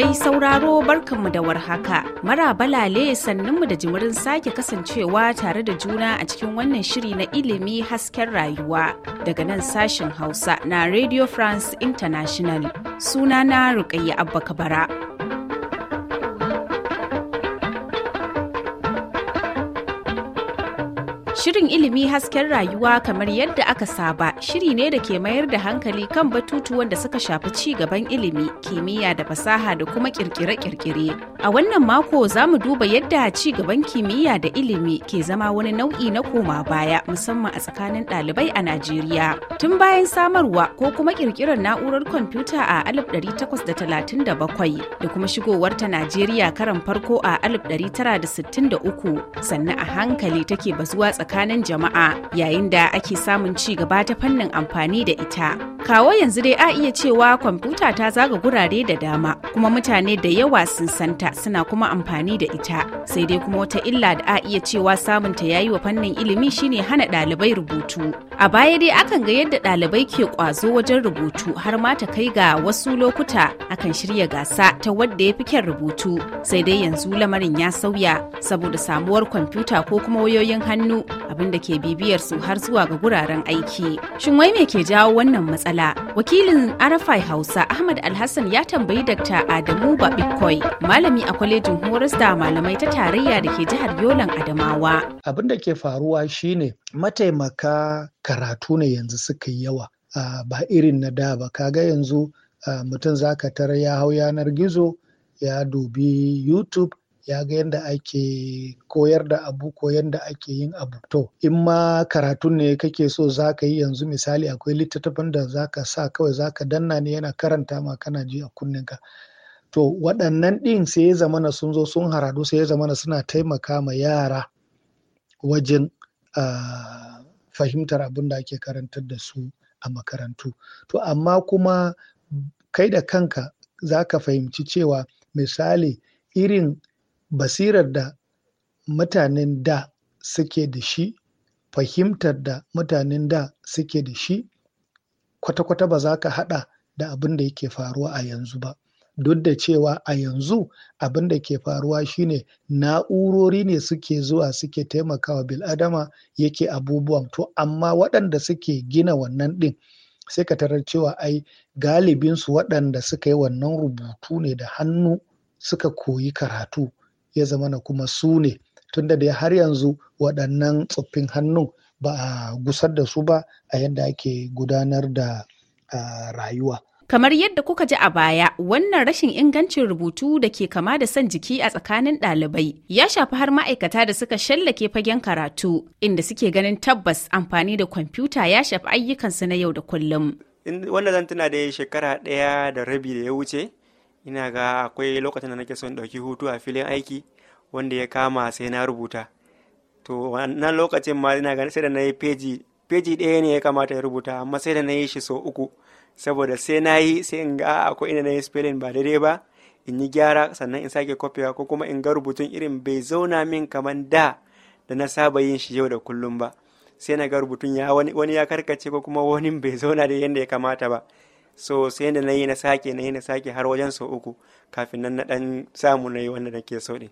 Mai sauraro barkanmu da warhaka. Mara balale sannunmu da jimurin sake kasancewa tare da juna a cikin wannan shiri na ilimi hasken rayuwa daga nan sashen Hausa na Radio France International. Sunana Rukayya Abba Kabara. Shirin ilimi hasken rayuwa kamar yadda aka saba shiri ne da ke mayar da hankali kan batutuwan da suka shafi ci gaban ilimi, kimiyya da fasaha da kuma kirkire-kirkire. A wannan mako za mu duba yadda ci gaban kimiyya da ilimi ke zama wani nau'i na koma baya musamman a tsakanin ɗalibai a Najeriya. Tun bayan samarwa ko kuma kirkirar na'urar kwamfuta a ɗari 1837 da talatin da da bakwai kuma shigowar ta Najeriya karan farko a ɗari tara da da sittin uku sannan a hankali take bazuwa tsakanin tsakanin jama'a yayin da ake samun ci gaba ta fannin amfani da ita. Kawo yanzu dai a iya cewa kwamfuta ta zaga gurare da dama kuma mutane da yawa sun santa suna kuma amfani da ita. Sai dai kuma wata illa da a iya cewa samunta yayi wa fannin ilimi shine hana ɗalibai rubutu. A baya dai akan ga yadda ɗalibai ke ƙwazo wajen rubutu har ma ta kai ga wasu lokuta akan shirya gasa ta wadda ya fi kyan rubutu sai dai yanzu lamarin ya sauya saboda samuwar kwamfuta ko kuma wayoyin hannu abinda ke bibiyar su har zuwa ga guraren aiki. Shin wai me ke jawo wannan matsala? Wakilin Arafai Hausa Ahmad Alhassan ya tambayi Dr. Adamu Babikoi, malami a kwalejin horas da malamai ta tarayya da ke jihar Yolan Adamawa. Abin da ke faruwa shine mataimaka karatu ne yanzu suka yi yawa ba irin na da ba kaga yanzu mutum zaka tara ya hau yanar gizo ya dubi youtube ya ga yadda ake koyar da abu ko yadda ake yin abu to in ma karatun ne kake so za ka yi yanzu misali akwai littattafan da za ka sa kawai za ka danna ne yana karanta ma kana ji a kunninka to waɗannan ɗin sai ya zamana sun zo sun haradu sai ya zamana suna taimaka ma yara wajen fahimtar abin da ake karantar da su a makarantu to amma kuma kai da kanka za ka fahimci cewa misali irin basirar da mutanen da suke da shi fahimtar da mutanen da suke da shi kwata-kwata ba za ka haɗa da abin da yake faruwa a yanzu ba duk da cewa a yanzu abin da ke faruwa shine na'urori ne suke zuwa suke taimakawa bil'adama yake abubuwan to amma waɗanda suke gina wannan ɗin sai ka tarar cewa ai galibinsu waɗanda suka yi wannan rubutu ne da hannu suka koyi karatu ya zama na kuma su ne tunda dai har yanzu waɗannan tsoffin hannun ba a gusar da su ba a yadda ake gudanar da ah, rayuwa Kamar yadda kuka ji a baya, wannan rashin ingancin rubutu da ke kama da son jiki a tsakanin ɗalibai ya shafi har ma'aikata da suka shallake fagen karatu, inda suke ganin tabbas amfani da kwamfuta ya shafi ayyukansu na yau da kullum. Wanda zan tuna da shekara ɗaya da rabi da ya wuce, ina ga akwai lokacin da nake son ɗauki hutu a filin aiki wanda ya kama sai na rubuta to wannan lokacin ma ina ganin sai da na yi peji peji ɗaya ne ya kamata ya rubuta amma sai da na yi shi sau uku saboda sai na yi sai in ga akwai inda na yi spelling ba daidai ba in yi gyara sannan in sake kwafewa ko kuma in ga rubutun irin bai zauna min kamar da da na saba yin shi yau da kullum ba sai na ga rubutun ya wani, wani ya karkace ko kuma wani bai zauna da yadda ya kamata ba so sai da na yi na sake na yi na sake har wajen sau uku kafin nan na dan samu na yi wanda nake so din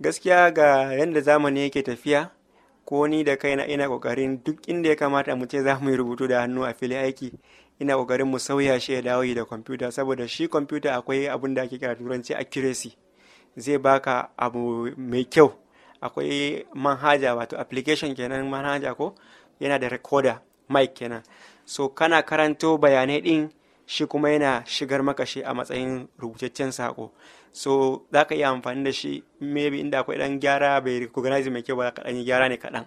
gaskiya ga yadda zamani yake tafiya ko ni da kaina ina kokarin duk inda ya kamata mu ce za mu yi rubutu da hannu a fili aiki ina kokarin mu sauya shi ya dawo da kwamfuta saboda shi kwamfuta akwai abun da ake kira turanci accuracy zai baka abu mai kyau akwai manhaja wato application kenan manhaja ko yana da recorder mic kenan so kana karanto bayanai din shi kuma yana shigar maka shi a matsayin rubutaccen sako so za ka iya amfani da shi maybe inda akwai dan gyara bai recognize mai kyau ba ka dan gyara ne kaɗan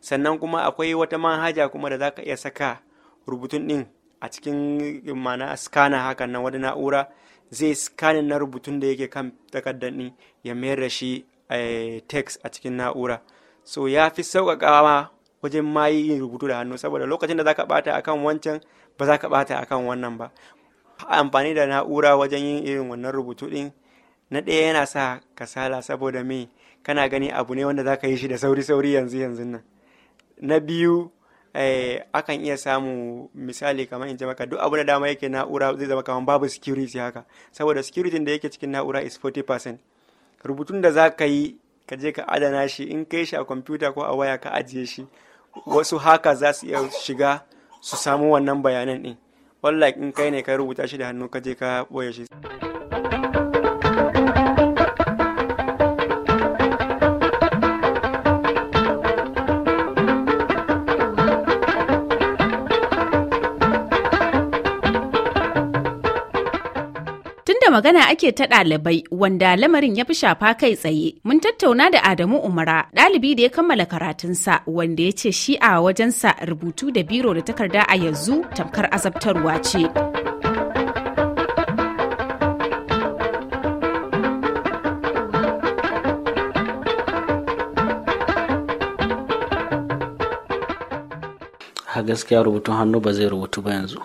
sannan kuma akwai wata manhaja kuma da za ka iya saka rubutun din a cikin mana scanner hakan nan wani na'ura zai scanning na rubutun da yake kan takardar din ya mayar da shi eh, text a cikin na'ura so ya fi sauƙaƙa wajen ma yin rubutu da hannu saboda lokacin da za zaka bata akan wancan ba za ka bata akan wannan ba amfani da na'ura wajen yin irin wannan rubutu din na ɗaya yana sa kasala saboda me kana gani abu ne wanda za ka yi shi da sauri-sauri yanzu yanzu nan na biyu eh, akan iya samu misali kamar in ji maka duk abu na dama yake na'ura zai zama kamar babu security haka saboda security da yake cikin na'ura is 40% rubutun da za ka yi ka je ka adana shi in kai shi a kwamfuta ko a waya ka ajiye shi wasu haka za su iya shiga su samu wannan bayanan din wallahi in kai ne ka rubuta shi da hannu ka je ka boye shi magana ake ta ɗalibai wanda lamarin ya fi shafa kai tsaye. Mun tattauna da Adamu Umara, ɗalibi da ya kammala karatunsa wanda ya ce shi a wajensa rubutu da biro da takarda a yanzu tamkar azabtarwa ce. gaskiya rubutun hannu ba zai rubutu ba yanzu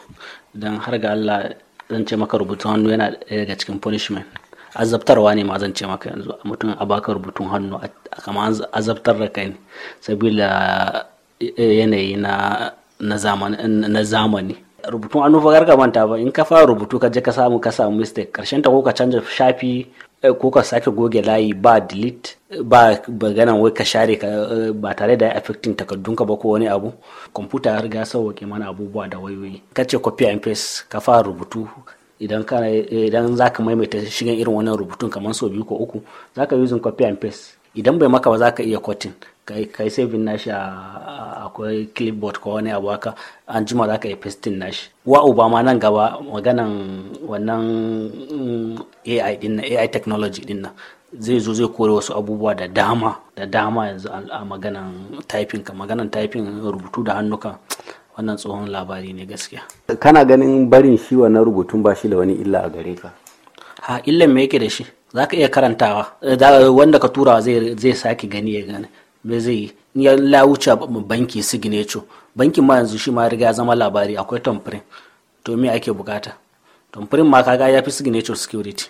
don har ga Allah zan ce maka rubutun hannu yana ɗaya daga cikin punishment azabtarwa ne ma zan ce maka yanzu mutum a baka rubutun hannu a kama azabtar da kai ne sabila e, yanayi na zamani rubutun hannu fa garga manta ba in ka fara rubutu ka je ka samu ka samu mistake karshen ta ko ka canza shafi Eh, ko ka sake goge layi ba delete ba bagana wai ka share ka eh, ba tare da affecting ka ba ko wani abu kwamfuta ya riga wake mana abubuwa da wayoyi ka ce copy and paste ka fara rubutu idan eh, ka idan zaka maimaita shigan irin wannan rubutun kamar sau biyu ko uku zaka using copy and paste idan bai maka ba za ka iya kwatin kai saifin nashi akwai clipboard ko wani abu haka an jima za ka yi pasting nashi wa ma nan gaba maganan wannan mm, ai dinna ai technology dinna zai zo zai kore wasu abubuwa da dama da dama yanzu a maganan typing ka maganan typing rubutu da hannuka wannan tsohon labari ne gaskiya kana ganin barin shi na rubutun ba shi da wani illa a gare ka ha illan me yake da shi za ka iya karantawa eh, wanda ka turawa zai zai sake gani ya gani me zai ya la wuce banki signature bankin ma yanzu shi ma riga ya zama labari akwai tamfirin to me ake bukata tamfirin ma kaga ya fi signature security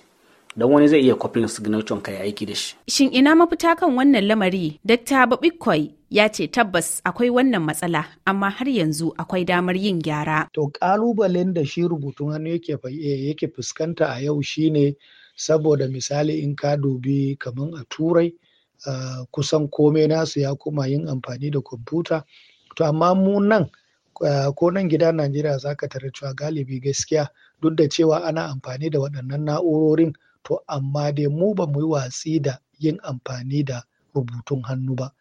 don wani zai iya kwafin signature ka ya aiki da shi shin ina mafita kan wannan lamari dr babikoi ya ce tabbas akwai wannan matsala amma har yanzu akwai damar yin gyara to kalubalen da shi rubutun hannu yake eh, fuskanta a yau shine saboda misali in ka dubi kaman a turai uh, kusan komai nasu ya kuma yin amfani da kwamfuta to amma mu nan uh, ko nan gida najeriya za ka cewa galibi gaskiya duk da cewa ana amfani da waɗannan na'urorin to amma dai mu ba mu yi watsi da yin amfani da rubutun hannu ba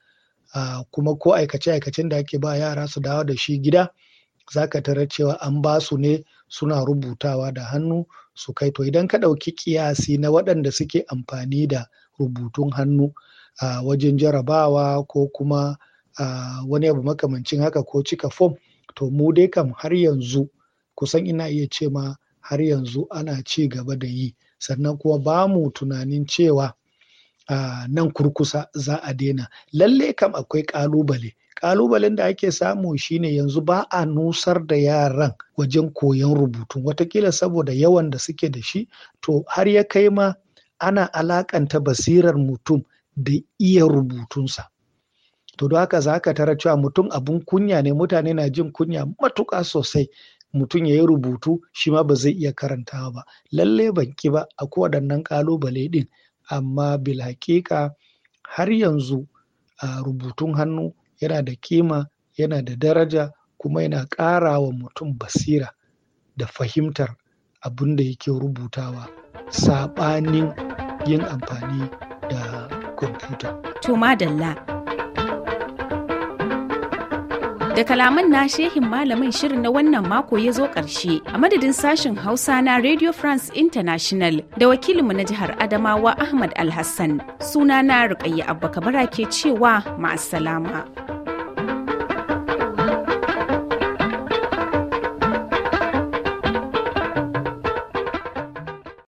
uh, kuma ko aikace-aikacen da ake ba yara su dawo da shi gida za ka tara cewa an ba su ne suna rubutawa da hannu su kai to idan ka ɗauki ƙiyasi na waɗanda suke amfani da rubutun hannu a wajen jarabawa ko kuma a wani abu makamancin haka ko cika fom to mu dai kam har yanzu kusan ina iya ce ma har yanzu ana ci gaba da yi sannan kuma bamu tunanin cewa nan kurkusa za a daina lalle kam akwai ƙalubale kalubalen da ake samu shine yanzu ba a nusar da yaran wajen koyon rubutu watakila saboda yawan da suke da shi to har ya kai ma ana alakanta basirar mutum da iya rubutunsa to don haka za ka tara cewa mutum abun kunya ne mutane na jin kunya matuƙa sosai mutum ya yi rubutu shi ma ba zai iya karantawa ba lalle ban ki ba a koWaɗannan ƙalubale ɗin amma bil haƙiƙa har yanzu a rubutun hannu yana da kima yana da daraja kuma yana ƙara wa mutum basira da fahimtar abin da yake rubutawa saɓanin yin amfani da kwamfuta. To madalla Da kalaman na shehin malamin shirin na wannan mako ya zo ƙarshe a madadin sashen Hausa na Radio France International da wakilinmu na jihar Adamawa Ahmad Alhassan. Suna na Rukayya Abba ke cewa ma'asalama.